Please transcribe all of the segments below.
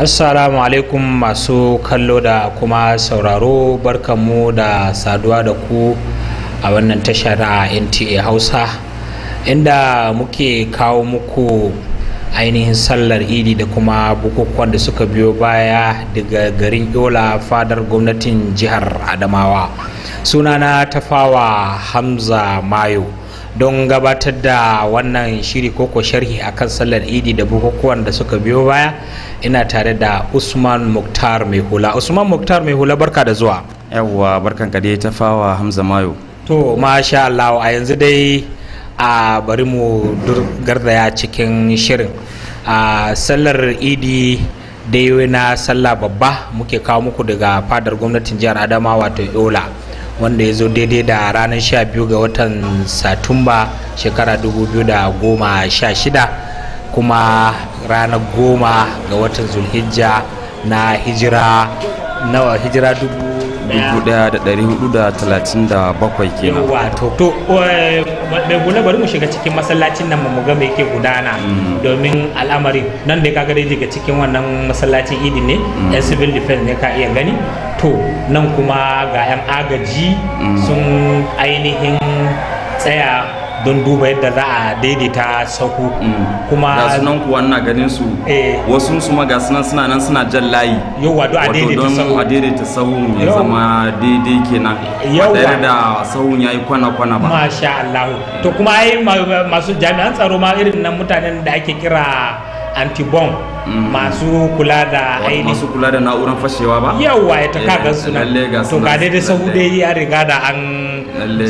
assalamu alaikum masu kallo da kuma sauraro barkanmu da saduwa da ku a wannan tashar nta hausa inda muke kawo muku ainihin sallar idi da kuma bukukuwan da suka biyo baya daga garin yola fadar gwamnatin jihar adamawa sunana tafawa hamza mayo don gabatar da wannan shiri koko sharhi akan sallar idi da bukukuwan da suka biyo baya ina tare da usman muktar mai hula usman muktar mai hula barka da zuwa yawwa barkan ka dai tafawa hamza mayo to masha allah a yanzu dai a bari mu gardaya cikin shirin a sallar idi dai na sallah babba muke kawo muku daga fadar gwamnatin jihar adama wato yola wanda ya zo daidai da ranar 12 ga watan satumba shekara 2016 kuma ranar goma ga watan zulhijja na hijira nawa hijira dubu 1437 kenan wato to mai eh, bari mu shiga cikin masallacin nan mu ga mai yake gudana mm. domin al'amari nan da kaga dai daga cikin wannan masallacin idi ne mm. yan civil defense ne ka iya gani to nan kuma ga yan agaji mm. sun ainihin tsaya don duba yadda za a daidaita sahu mm. kuma ga sunan ku wannan ganin su eh. wasu su ma ga suna nan suna jan layi yawa don a daidaita sahu a daidaita ya zama daidai kenan yawa tare da ya yi kwana kwana ba masha Allah to kuma ai masu jami'an tsaro ma irin nan mutanen da ake kira antibon mm. masu kula da aini masu kula da na'uran fashewa ba yawa ya ta eh, kaga suna to ga da sahu dai ya riga da an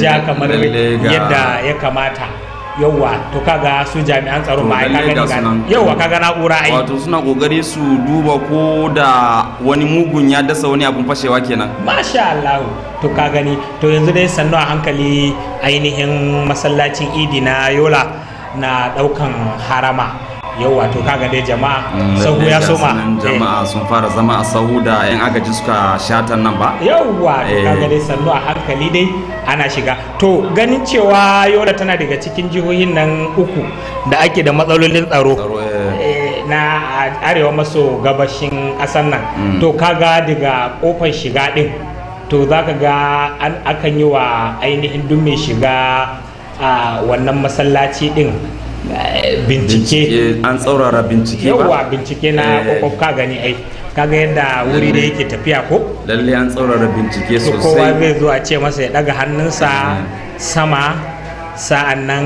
ja kamar yadda ya kamata yawa to kaga su jami'an tsaro ba kaga ni yawa kaga na'ura ai wato suna kokari su duba ko da wani mugun ya dasa wani abun fashewa kenan masha Allah to ka gani to yanzu dai sannu a hankali ainihin masallacin idi na yola na daukan harama yau wato kaga dai jama'a mm, sahu ya soma jama'a eh. sun fara zama a sahu da yan agaji suka shatan nan ba yauwa kaga eh. dai sannu a hankali dai ana shiga to ganin cewa yola tana daga cikin jihohin nan uku da ake da matsalolin tsaro eh. na arewa maso gabashin ƙasar nan mm. to kaga daga kofar shiga din to za ka ga an akan yi wa ainihin dun mai shiga a wannan masallaci din bincike an tsaurara bincike ba yawa bincike na eh. kwakwaf ka gani ai kaga yadda wuri da yake tafiya ko lalle an tsaurara bincike sosai kowa zai zo a ce masa ya daga hannunsa eh. sama sa'an nan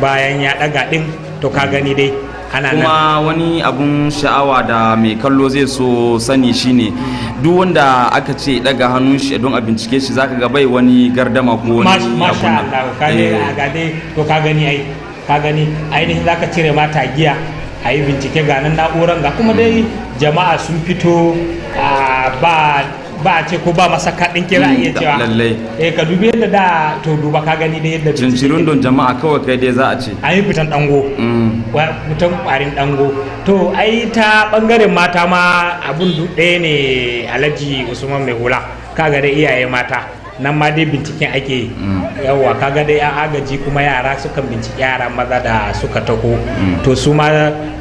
bayan ya daga din to ka mm. gani dai ana kuma wani abun sha'awa da mai kallo zai so sani shine duk wanda aka ce daga hannun shi don a bincike shi zaka ga bai wani gardama ko wani masha Allah ka eh. ga dai to ka gani ai ka gani ainihin zaka cire mata giya a yi bincike ga nan na'uran ga kuma dai jama'a sun fito ba ba ce ko ba masa kaɗin kira iya cewa lallai eh ka dubi yadda da to duba ka gani da yadda cincirin don jama'a kawai kai dai za a ce a yi fitan dango mm. fitan ƙwarin dango to ai ta bangaren mata ma abun ɗaya ne alhaji usman mai hula ka ga da iyaye mata nan ma dai binciken ake yi mm. yawwa kaga dai an agaji kuma yara sukan binciki yara maza da suka tako mm. to su ma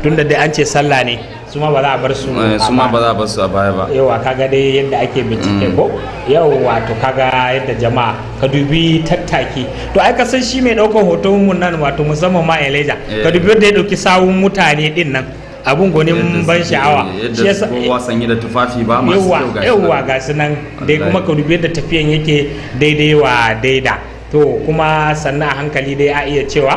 tunda dai an ce sallah ne su ma ba za a bar su eh, su ma ba za a bar su a baya ba yawa kaga dai yadda ake bincike mm. ko yawa to kaga yadda jama'a ka dubi tattaki to ai ka san shi mai daukar hoton mun nan wato musamman ma Elijah ka eh. dubi yadda ya dauki sawun mutane din nan abun gonin ban sha'awa shi yasa kowa sanye da tufafi ba masu kyau gashi yawa gashi nan dai kuma ka dubi yadda tafiyan yake daidai wa daida to kuma sannan a hankali dai a iya cewa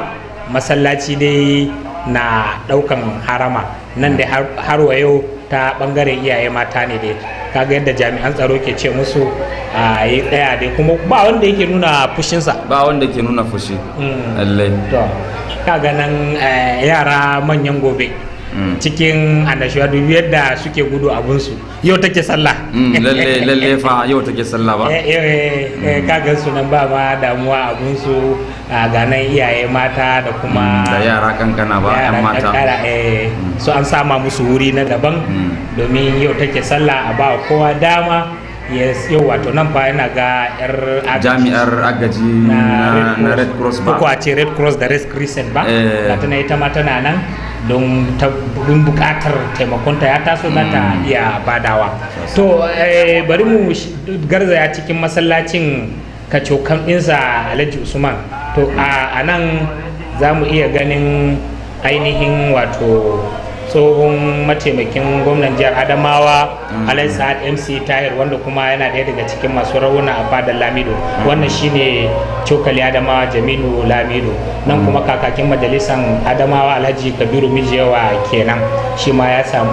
masallaci dai na daukan harama nan da har wa yau ta bangaren iyaye mata ne dai kaga yadda jami'an tsaro ke ce musu a yi daya dai kuma ba wanda yake nuna fushinsa ba wanda ke nuna fushi mm. lallai to kaga nan eh, yara manyan gobe cikin annashuwa dubi yadda suke gudu abinsu yau take sallah mm, lalle fa yau take sallah ba eh, eh, eh, ka mm. gan sunan ba ma damuwa abinsu ga nan iyaye mata da kuma mm, da yara kankana ba yan mata su an sama musu wuri na daban domin yau take sallah a ba kowa dama yes yau wato nan fa yana ga yar jami'ar agaji na red cross ba ko a ce red cross da red crescent ba ga tana ita ma tana nan don bukatar taimakonta ya taso na ta hmm. iya badawa to eh, bari mu garzaya cikin masallacin kacokan ɗinsa alhaji usman to a nan za mu iya ganin ainihin wato tsohon mataimakin gwamnan jihar adamawa mm. Alain sa'ad mc tahir wanda kuma yana daya daga cikin masu rauna a fadar lamido mm. wannan shine cokali adamawa jaminu lamido nan mm. kuma kakakin majalisan adamawa alhaji kabiru mijewa kenan shi ma ya samu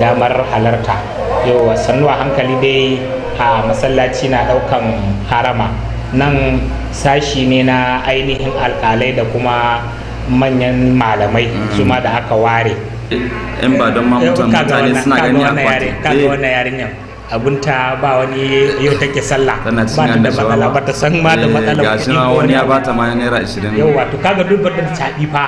damar halarta yau sannu a hankali dai a masallaci na ɗaukan harama nan sashi ne na ainihin alkalai da kuma manyan malamai su ma da aka ware in ba don mamutan mutane suna gani a kwati kaga wannan yarinyar abunta ba wani yau take sallah ba ta da matsala ba ta san ma da eh, matsala ba ga wani ya bata ma naira 20 yau wato kaga duk da ta caɓi fa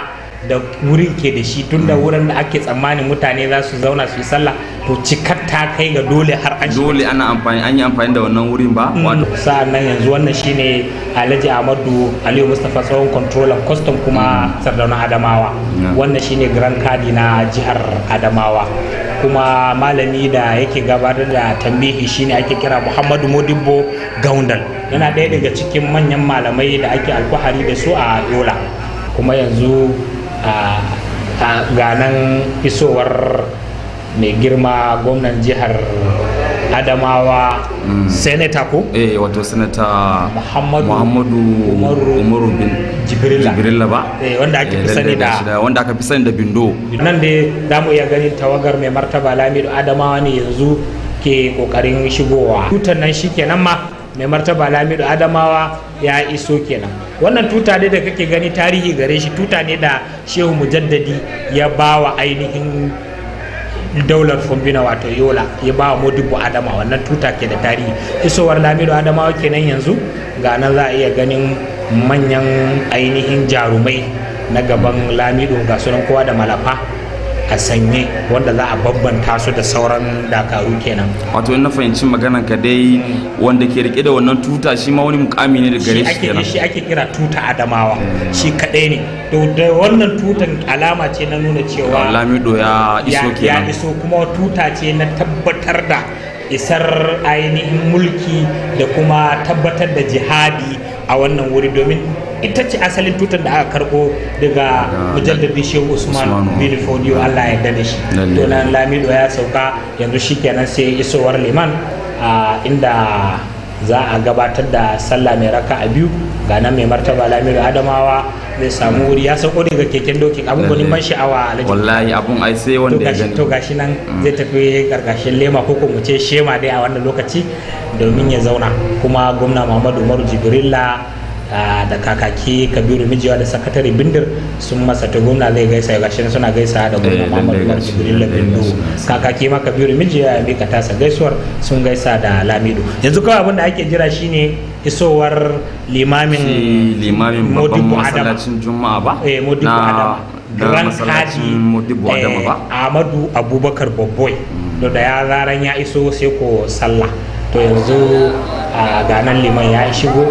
da wurin ke da shi tun da hmm. wurin da ake tsammanin mutane za su zauna su yi sallah to cikar ta kai ga dole har an dole ana amfani an yi amfani da wannan wurin ba hmm. sa'an nan yanzu wannan shine alhaji ahmadu aliyu Mustafa tsohon controller custom kuma hmm. sardauna adamawa wannan shine grand kadi na jihar adamawa kuma malami da yake gabatar da tambihi shine ake kira muhammadu modibbo gaundal yana ɗaya daga cikin manyan malamai da ake alfahari da su a yola kuma yanzu Ah, ah, ganan isowar mai girma gwamnan jihar adamawa mm. senator ko? eh wato senator muhammadu umaru bin jibrilla ba eh, eh, wanda aka fi sani da bindo nan da za mu iya ganin tawagar mai martaba lamido adamawa ne yanzu ke kokarin shigowa tutan nan shikenan ma mai martaba lamido adamawa ya iso kenan wannan tuta ne da kake gani tarihi gare shi tuta ne da shehu mujaddadi ya bawa ainihin daular fombina wato yola ya ba wa modibo adama wannan tuta ke da tarihi isowar lamido adamawa kenan yanzu ga nan za a iya ganin manyan ainihin jarumai na gaban lamido ga sunan kowa da malafa a sanye wanda za a bambanta su da sauran dakaru kenan wato na fahimci maganar ka dai wanda ke rike da wannan tuta shi ma wani mukami ne da gare shi shi ake kira tuta adamawa eh. shi kadai ne da wannan tutan alama ce na nuna cewa lamido ya iso kenan ya iso kuma tuta ce na tabbatar da isar ainihin mulki da kuma tabbatar da jihadi a wannan wuri domin ita ce asalin tutar da aka karbo daga mujallabin shehu usman bin fodiyo allah ya dade shi donan lamido ya sauka yanzu shikenan sai isowar liman inda za a gabatar da sallah mai raka a biyu ga nan mai martaba lamido adamawa zai samu wuri ya sauko daga keken dokin abun gwanin ban sha'awa lajin wallahi abun ai sai wanda ya gani to gashi nan mm. zai tafi karkashin lema ko mu ce shema dai a wannan lokaci domin ya zauna kuma gwamna muhammadu umaru jibrilla Ah, da kakaki kabiru mijiwa da sakatare bindir sun masa ta gwamna zai gaisa ga shi suna gaisa da gwamna eh, muhammadu umar jibrila bindu kakaki ma kabiru mijiwa ya mika tasa gaisuwar sun gaisa da lamido yanzu kawai abin da ake jira shine isowar limamin limamin babban masallacin juma'a ba eh modibo adama ran ba. Eh, ahmadu abubakar babboi hmm. da ya zaran ya iso sai ko sallah to yanzu a ah, ganan liman ya shigo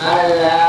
Allah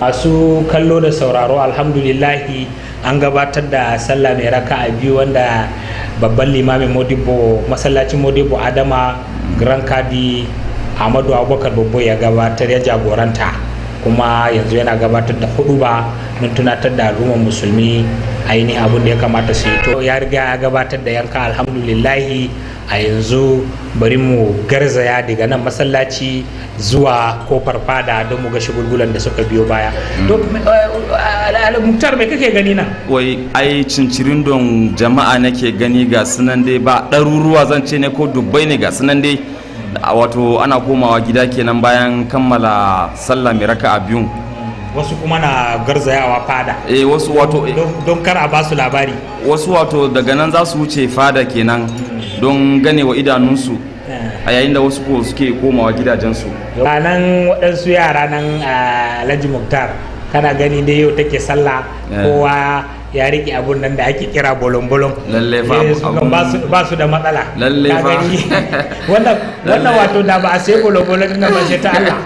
a su kallo da sauraro alhamdulillahi an gabatar da sallah mai raka a biyu wanda babban limamin modibo masallacin modibo adama grand kadi ahmadu abubakar babbo ya gabatar ya jagoranta kuma yanzu yana gabatar da hudu ba mun tunatar da al'ummar musulmi ainihin abin ya kamata su yi to ya riga ya gabatar da yanka alhamdulillahi a yanzu bari mu garzaya daga nan masallaci zuwa kofar fada don mu ga shugulgulan da suka biyo baya eh, eh, mutar mai kake gani nan wai ai cincirin don jama'a nake gani ga sunan dai ba ɗaruruwa zan ce ne ko dubbai ne ga sunan dai wato ana komawa gida kenan bayan kammala sallah mai raka a biyun wasu kuma na garzayawa fada eh wasu wato eh, don kar a ba su labari wasu wato daga nan za su wuce fada kenan don ganewa idanunsu eh. a yayin da wasu kowa suke komawa gidajensu ranar waɗansu yara nan a alhaji muktar kana gani da yau take sallah eh. kowa ya riƙe abun nan da ake kira bolon-bolon lalle fa eh, ba su da matsala lalle fa wannan wato da ba a sai bolon-bolon na ba ta Allah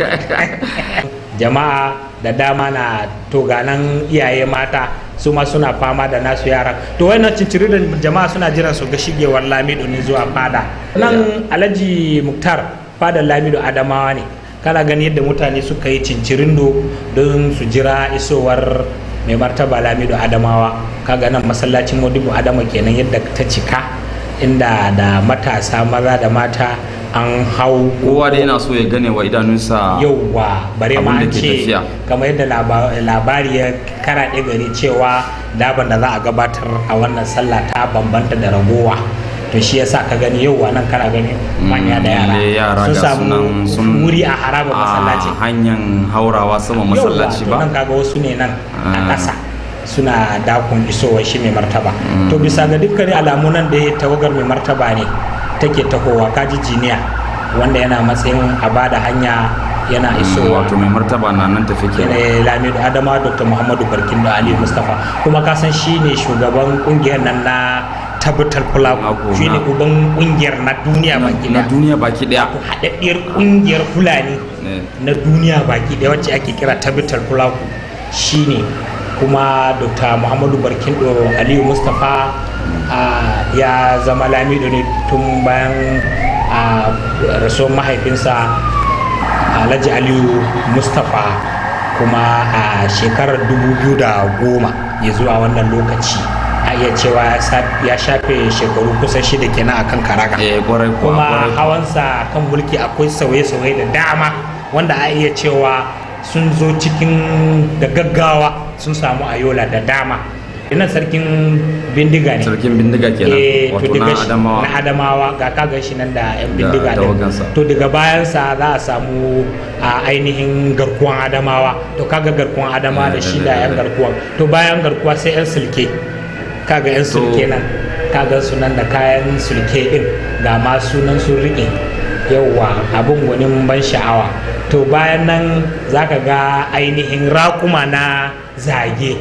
jama'a da dama na to iyaye mata su ma suna fama da nasu yaran to wannan cinciri da jama'a suna jiran su ga shigewar lamido ne zuwa fada nan alhaji muktar fada lamido adamawa ne kana gani yadda mutane suka yi cincirindo don su jira isowar mai martaba lamido adamawa kaga nan masallacin modibo adama kenan yadda ta cika inda da matasa maza da mata an hau kowa da yana so ya gane wa idanunsa yauwa bare ma an ce kamar yadda labari ya karaɗe gari cewa daban da za a gabatar a wannan sallah ta bambanta da ragowa to shi yasa ka gani yau wa nan kana gani mm, manya da yara sun samu wuri a haraba masallaci A hanyar haurawa sama masallaci ba nan kaga wasu ne nan a ah. ƙasa suna dakon isowa shi mai martaba mm. to bisa ga dukkanin alamu nan da tawagar mai martaba ne take tahowa kaji jiniya wanda yana matsayin a bada hanya yana hmm, isowa wato mai martaba na nan tafi ke lamido adama dr muhammadu barkin da ali mustapha kuma ka san shi ne shugaban kungiyar nan na tabbatar fulaku shi ne uban kungiyar eh. na duniya baki daya na duniya baki daya ko hadaddiyar kungiyar fulani na duniya baki daya wacce ake kira tabbatar fulaku shi ne kuma dr muhammadu barkindo ali mustapha ya zama lamido ne tun bayan rasuwar mahaifinsa alhaji aliyu mustapha kuma a shekarar goma ya zuwa wannan lokaci a iya cewa ya shafe shekaru kusa shida kenan akan karaka. Eh, kuma hawansa kan mulki akwai sauye-sauye da dama wanda a iya cewa sun zo cikin da gaggawa sun samu ayola da dama ina sarkin bindiga ne sarkin bindiga nan eh, wato na adamawa na adamawa ga kaga shi nan da yan bindiga din to daga bayan sa za a samu a ainihin garkuwan adamawa to kaga garkuwan adamawa da eh, shi eh, da yan garkuwan to bayan garkuwa sai yan sulke kaga yan sulke nan kaga sunan da kayan sulke din ga ma sunan sun rike yauwa abin gwanin ban sha'awa to bayan nan zaka ga ainihin raƙuma na zage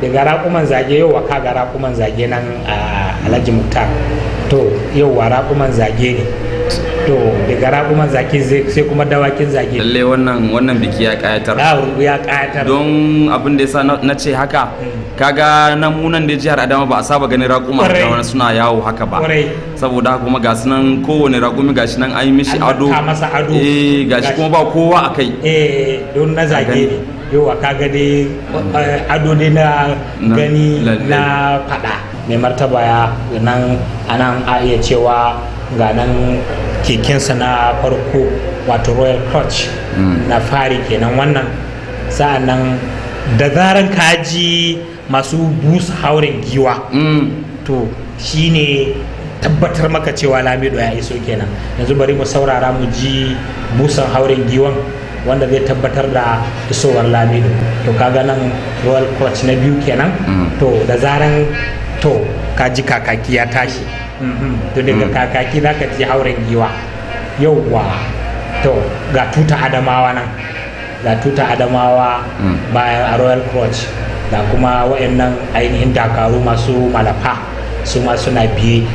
daga raƙuman zage yau wa gara raƙuman zage nan a alhaji muktar to yau wa raƙuman zage ne to daga raƙuman zage sai kuma dawakin zage lalle wannan wannan biki ya kayatar ya kayatar don abin da yasa na ce haka hmm. kaga nan munan da jihar adama ba a saba ganin raƙuma da wani suna yawo haka ba saboda kuma ga nan kowane raƙumi gashi nan an yi mishi ado eh gashi kuma ba kowa a kai eh don na zage ne yawa kaga dai eh, ado ne na gani na fada mai martaba ya nan anan a iya cewa ga nan kekensa na farko wato royal coach hmm. na fari kenan wannan sa'an nan da zaran kaji masu busa hauren giwa hmm. to shi ne tabbatar maka cewa lamido ya iso kenan yanzu bari mu saurara mu ji busan hauren giwan wanda zai tabbatar da isowar lamido to kaga nan royal coach na biyu kenan mm-hmm. to da zaran to Ka ji kakaki ya tashi mm-hmm. to daga mm-hmm. kakaki za ka ji hauren giwa yauwa to ga tuta adamawa nan ga tuta adamawa mm. bayan a royal coach Da kuma waɗannan ainihin dakaru masu malafa su ma suna biye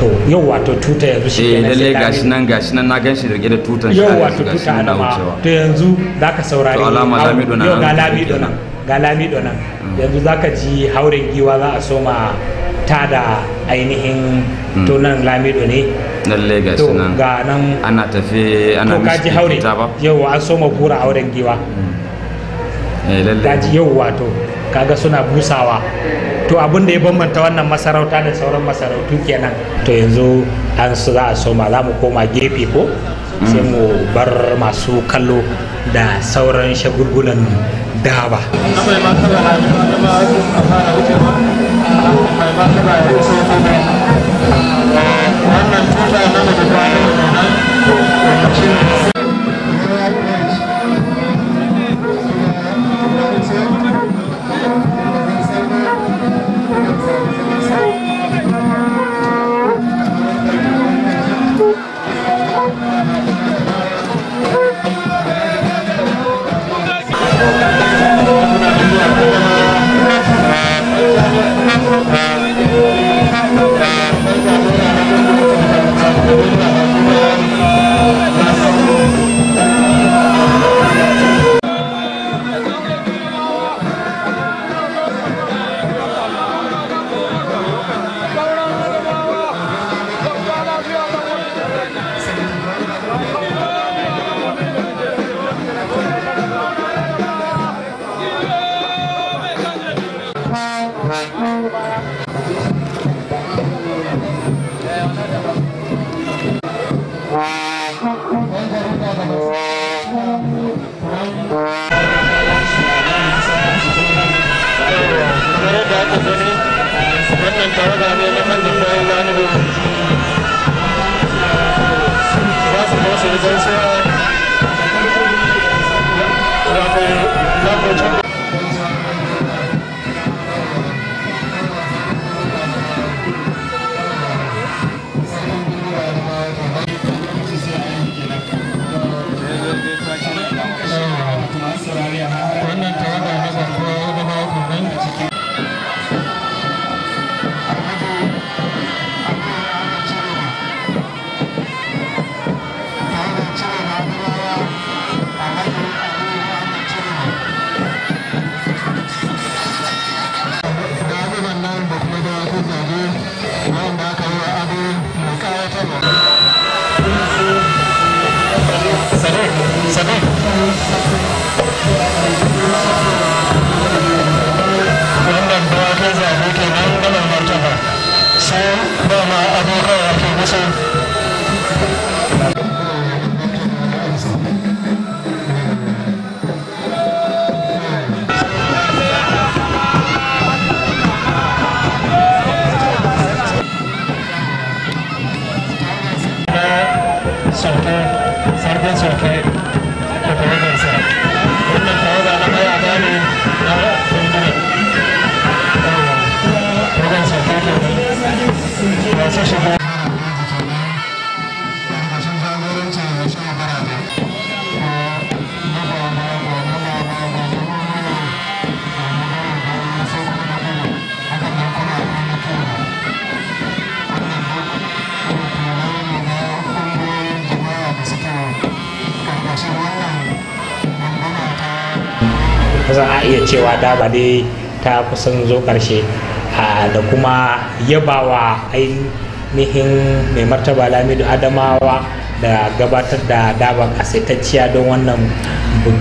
to yau wato tuta yanzu shi eh, ke lalle gashi nan gashi nan na gan shi rike da tutan shi yau wato tuta ma. to yanzu zaka saurari to alama lamido nan yau ga lami nan ga lamido nan mm. yanzu zaka ji hauren giwa za a soma ta da ainihin mm. to nan lamido ne lalle gashi nan ga nan ana tafi ana to kaji haure yau an soma kura hauren giwa mm. eh lalle yau wato kaga suna busawa to abin da ya bambanta wannan masarauta da sauran masarautu kenan to yanzu an su za a soma za mu koma gefe ko sai mu bar masu kallo da sauran shagulgulan daba ba za a iya cewa daba dai ta kusan zo karshe da kuma yabawa ainihin mai martaba lamidu adamawa da gabatar da daba kasaitacciya don wannan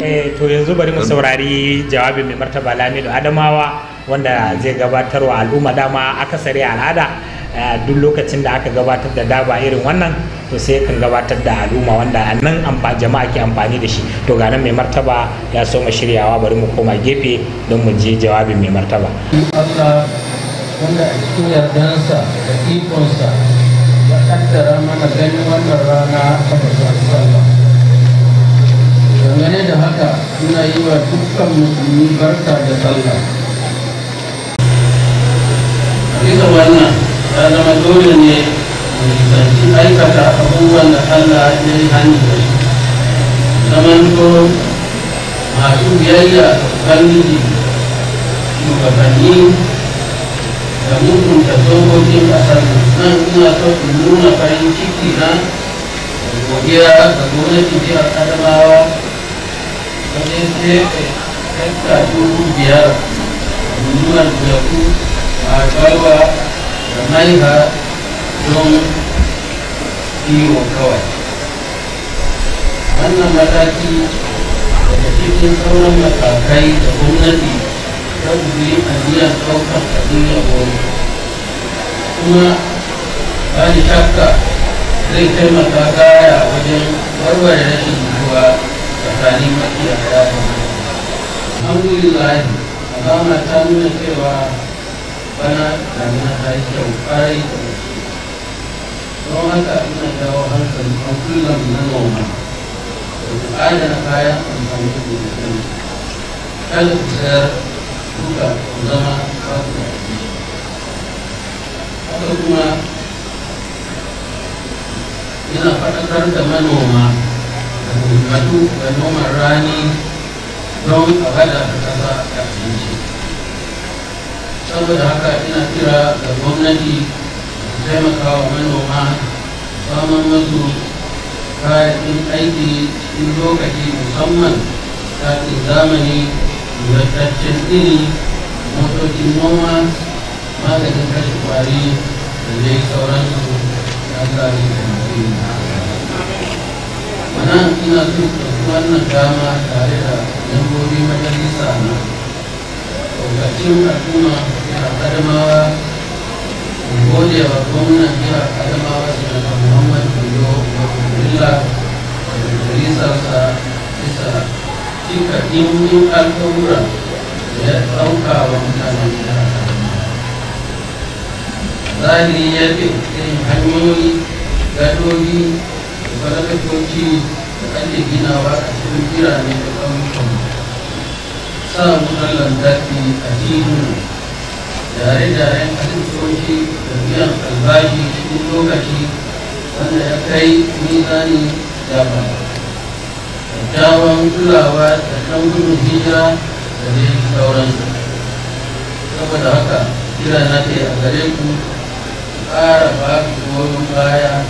eh, to yanzu bari mu saurari jawabin mai martaba lamidu adamawa wanda zai gabatar wa al'umma dama akasari al'ada eh, duk lokacin da aka gabatar da daba irin wannan to sai kan gabatar da al'umma wanda a nan jama'a ke amfani da shi to ga nan mai martaba ya so ma shiryawa bari mu koma gefe don mu je jawabin mai martaba Allah wanda a cikin yardansa da ikonsa ya kaddara mana ganin wannan rana ta dangane da haka ina yi wa dukkan musulmi barka da sallah bisa wannan ya zama dole ne in aikata abubuwan da Allah ya yi hannu da shi zamanto masu biyayya ga ubangiji shugabanni da mutunta dokokin kasar nan ina so in nuna farin ciki na godiya ga gwamnati jihar adamawa wajen jefe hekta biar biyar da aku biyar a kalwa da don ciwon kawai wannan mataki daga cikin sauran matakai da gwamnati ta guji ajiyar ɗaukar duniya yabo kuma ba ni shakka zai taimaka gaya wajen warware rashin ruwa tsakanin makiyaya da alhamdulillah alama ta nuna cewa bana damina ta yi kyau ƙwarai da ومتى انك وهبت الكل من اللوم وآدم kaya amfani da mutum kada ku sayar duka ku zama ba ku da haka kuma yana faɗakar da manoma da hulmatu da noman rani don a bada da ƙasa da abinci saboda haka ina kira da gwamnati taimaka wa manoma samun masu kayan aiki cikin lokaci musamman kayan zamani ingantaccen iri motocin noma maganin kashe kwari da dai sauransu ya tsari da mutum wannan ina so ɗauki wannan dama tare da membobi majalisa na ɗaukacin al'umma da adamawa gode wa gwamnan jihar adamawa sanata muhammad biyo abdullah da majalisarsa bisa cika dimbin alkawura da ya ɗauka wa mutanen jihar zahiri ya fi irin hanyoyi gadoji da farfakoci da ake ginawa a cikin birane da ƙauyukan sa wutar lantarki a cikin jare-jaren asibitoci da biyan albashi cikin lokaci wanda ya kai mizani daban kyakkyawan kulawa da kan gudun hijira da dai sauransu saboda haka kira na ke a gare ku ƙara ba ku goyon baya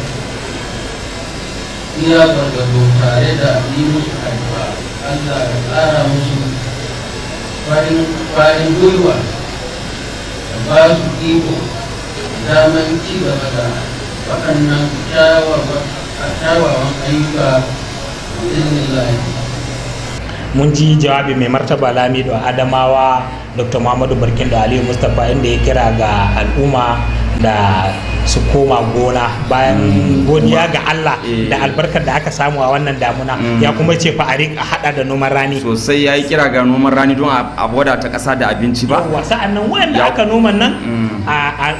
iya gwargwado tare da yi musu haifa allah ya ƙara musu farin gwiwa ba su iko daman ci gaba da waɗannan kyawawan ayyuka da mun ji jawabi mai martaba lamido adamawa dr muhammadu barkindo aliyu mustapha inda ya kira ga al'umma da su koma gona bayan mm. godiya ga Allah eh. da albarkar da aka samu a wannan damuna mm. ya kuma ce fa a rika hada da noman rani sosai ya kira ga noman rani don a boda ta kasa da abinci ba yawa sa'annan wanda aka noman nan mm.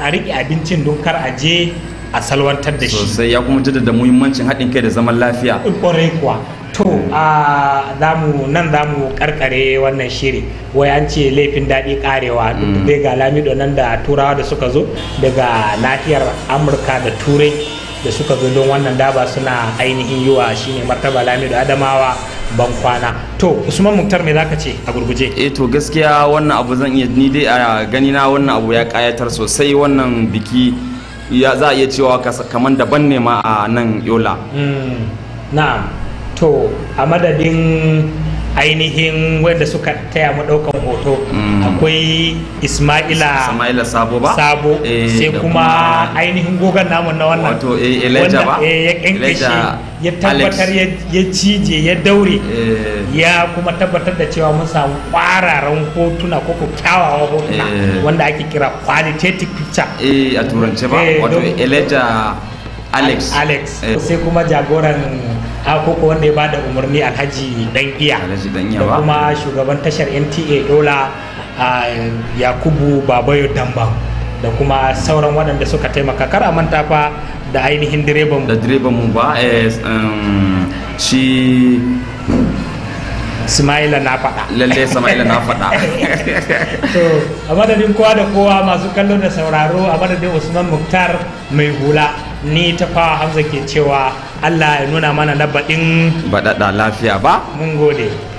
a rike abincin don kar a je a salwantar da shi sosai ya kuma jaddada muhimmancin haɗin kai da zaman lafiya kwarai kuwa to a zamu nan zamu karkare wannan shiri wai an ce laifin daɗi karewa duk mm. da ga lamido nan da turawa da suka zo daga nahiyar amurka da turai da suka zo don wannan daba suna ainihin yiwa shine martaba lamido adamawa ban kwana to usman muktar me zaka ce a gurguje eh to gaskiya wannan abu zan iya ni dai a gani na wannan abu ya kayatar sosai wannan biki ya za a iya cewa kaman daban ne ma a nan yola mm. na'am to a madadin ainihin wanda suka taya mu daukan hoto mm. akwai ismaila sabo ba sabo eh, sai kuma ainihin gogon namun na wannan wato eh, elijah ba eh, ya kankashi ya tabbatar ya cije ya daure ya kuma tabbatar da cewa mun samu kwararan hotuna ko ko kyawawan hotuna wanda ake kira qualitative picture eh a turance ba wato elijah alex alex eh. sai kuma jagoran akoko wanda ya bada umarni alhaji dan iya da kuma shugaban tashar nta dola yakubu babayo damba da kuma sauran waɗanda suka taimaka kar a manta fa da ainihin direban da direban mu ba eh, um, shi Ismaila na faɗa. Lalle Ismaila na faɗa. To a madadin kowa da kowa masu kallo da sauraro a madadin Usman Muktar mai hula ni ta fa Hamza ke cewa Allah ya nuna mana labaɗin Baɗaɗa lafiya ba. Mun gode.